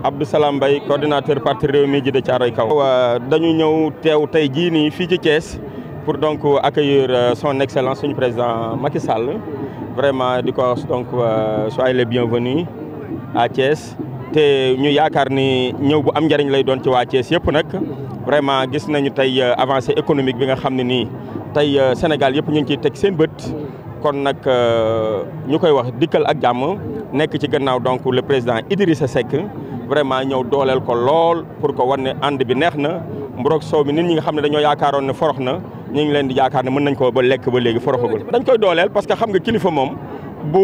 Abdou Salam Mbaye coordinateur parti mi ji de Thiaroye Kaw dañu ñëw teew tey jii nii fii ci Thiès pour donc accueillir euh, son excellence suñu président Macky Sall vraiment di ko wax donc euh, soyez les bienvenus à Thiès te ñu yaakaar ni ñëw bu am njëriñ lay doon ci waa Thiès yëpp nag vraiment gis nañu tey euh, avancée économique bi nga xam ne nii tey Sénégal yëpp ñu ngi ciy teg seen bët kon nag ñu koy wax dikkal ak jàmm nekk ci gannaaw donc le président Idrissa Seck vraiment ñëw dooleel ko lool pour que wan ne ànd bi neex na mburoog soow mi nit ñi nga xam ne dañoo yaakaaroon ne forox na ñu ngi leen di yaakaar ne mën nañ ko ba lekk ba léegi foroxagul dañ koy dooleel parce que xam nga kilifa moom bu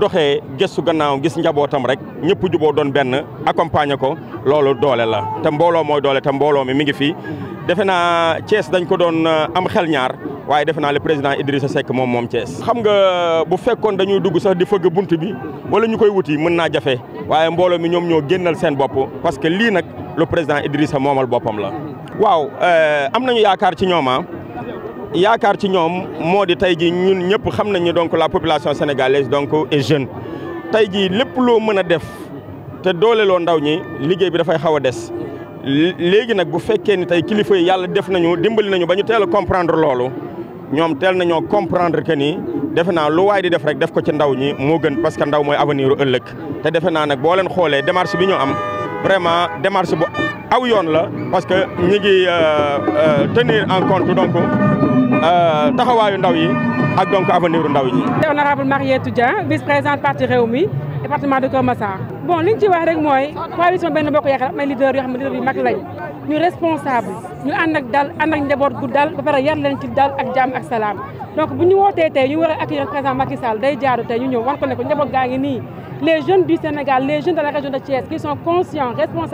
doxee gëstu gannaaw gis njabootam rek ñëpp juboo doon benn accompagner ko loolu doole la te mbooloo doole te mbooloo mi mi ngi fii defe naa Thiès dañ ko doon uh, am xel ñaar waaye defe naa le président Idrissa Seck moom moom Thiès. xam nga bu fekkoon dañuy dugg sax di fëgg bunt bi wala ñu koy wuti mën naa jafe waaye mbooloo mi ñoom ñoo génnal seen bopp parce que lii nag le président Idrissa moomal boppam la. waaw euh, am nañu yaakaar ci ñoom ah yaakaar ci ñoom moo di tey jii ñun ñëpp xam nañu donc la population sénégalaise donc est jeune tey jii lépp loo mën a def te dooleeloo ndaw ñi liggéey bi dafay xaw a des. léegi nag bu fekkee ni tey kilifa yi yàlla def nañu dimbali nañu ba ñu teel a comprendre loolu ñoom teel nañoo comprendre que ni. defe naa lu waay di def rek def ko ci ndaw ñi moo gën parce que ndaw mooy avenir ëllëg te defe naa nag boo leen xoolee démarche bi ñu am vraiment démarche bu aw yoon la parce que ñi gi euh, euh, tenir en compte donc euh, taxawaayu ndaw yi ak donc avenir u ndaw ñi. honorable Mariétou Dieng vice présidente parti Rewmi département de Keur Massar. bon li ñu ci wax rek mooy coalition Benno Bokk Yaakaar am ay leader yoo xam ne leader yu mag ñu responsable ñu ànd ak dal ànd ak njaboot gu dal ba pare yar leen ci dal ak jàmm ak salaam. donc bu ñu wootee tey ñu war a accueillir président Macky Sall day jaaru tey ñu ñëw wan ko ne ko njaboot gaa ngi nii les jeunes du Sénégal les jeunes de la région de Thiès qui sont conscients dans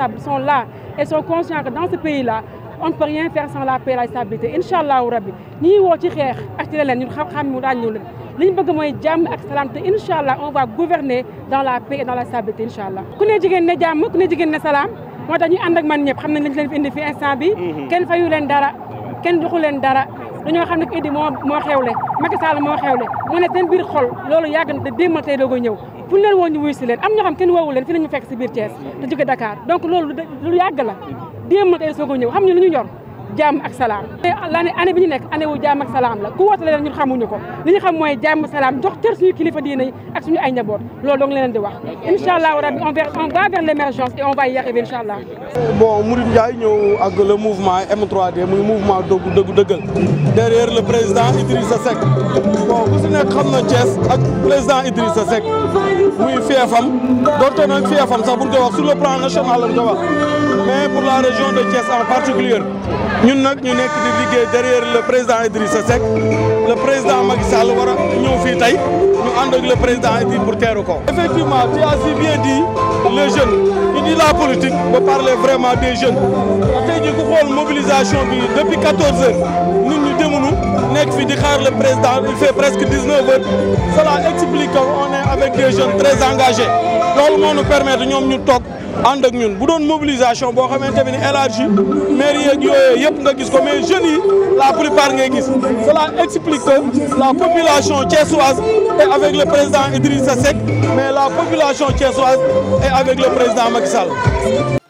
ce pays là on ne peut rien la paix la stabilité incha rabbi ñi ñuy woo ci xeex ak ci leneen xam-xam mu daañu ñëw li ñu bëgg mooy jàmm ak salaam te incha allah on va gouverner dans la paix et dans la stabilité incha allah. ku ne jigéen ne jàmm ne jigéen ne salaam moo tax ñu ak man ñëpp xam nañ lañ leen fi indi fi instant bi mhm. kenn fayu leen dara. dañoo xam ne ko Idy moo moo xewle Macky Sall moo xewle mu ne seen biir xol loolu yàgg na te démb tey doog fu ñu leen woo ñu wuy leen am ñoo xam kenn woowu leen fi la ñu fekk si biir Thiès te jóge Dakar donc loolu lu yàgg la démb tey soog a ñëw xam ñu lu ñu ñor jàmm ak salaam la ane bi ñu nekk année wu jàmm ak salaam la ku woote leneen ñun xamuñu ko li ñu xam mooy jàmm salaam jox cër suñu kilifa diine yi ak suñu ay njaboot loolu dong leneen di wax incha allah rabbi on va vers l'émergence et on va y allah bon Mouride Ndiaye ñëw ak le mouvement M3D muy mouvement dëggu dëggu dëggal derrière le président Idrissa Seck bon ku si nekk xam na Thiès ak président Idrissa Seck muy fiefam doonte nag fiefam sax buñ wax sur le plan ñun nag ñu nekk di liggéey derrière le président Idrissa Seck le président Macky Sall war a ñëw fii tey ñu ànd le président Idriss pour teeru ko. effectivement tu as bien dit les jeunes il dit la politique ba parler vraiment des jeunes tey jii ku xool mobilisation bi depuis 14 heures ñun ñu demuñu nekk fi di xaar le président il fait presque 19 heures cela explique qu'on est avec des jeunes très engagés loolu moo ñu permettre ñoom ñu toog. ànd ak ñun bu doon mobilisation boo xamante ni élargie maire yeeg yooyu yëpp nga gis ko mais jeunes yi la plupart ngay gis cela explique que la population thiessoise est avec le président Idrissa Seck mais la population thiessoise est avec le président Macky Sall